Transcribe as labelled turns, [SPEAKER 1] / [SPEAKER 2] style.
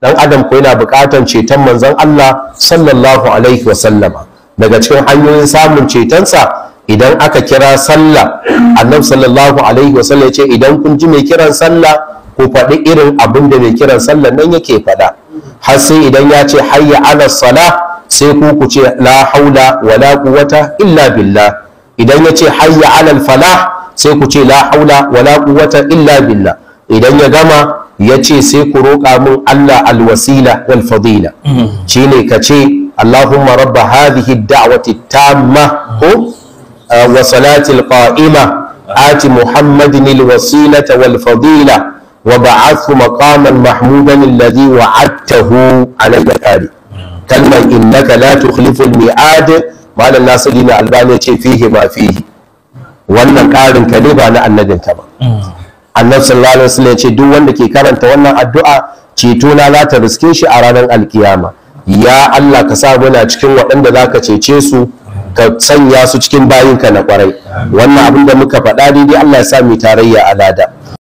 [SPEAKER 1] dan adam ko yana buƙatar ceton manzon Allah sallallahu alaihi wa sallama daga cikin hanyoyin samun cetonsa idan aka kira sallah annabi sallallahu alaihi wa sallam ce idan kun ji mai kiran sallah ku faɗi irin abin da mai kiran sallah nan yake faɗa har sai idan ya ce hayya ala salah sai ku ku ce la haula wala quwwata illa billah idan ya ce hayya ala falah sai ku ce la haula wala quwwata illa billah idan ya gama ya ce sai ku roƙa min Allah alwasila wal fadila Shi ne ka ce Allahumma rabba hadhihi da'wati tamma ko wa salati alqa'ima ati muhammadin alwasilata wal fadila wa ba'athu maqaman mahmudan alladhi wa'adtahu ala al kalmar innaka la tukhlifu al-mi'ad malam nasiru na albani ce fihi ma fihi wannan ƙarin ka ne ba na annabinka ba mm. annabi sallallahu alaihi wasallam ya ce duk wanda ke karanta wannan addu'a ceto na za ta riske shi a ranar alkiyama ya Allah ka sa muna cikin waɗanda za ka cece su ka sanya su cikin bayinka na kwarai wannan abin da muka faɗa daidai Allah ya sa mu tarayya a lada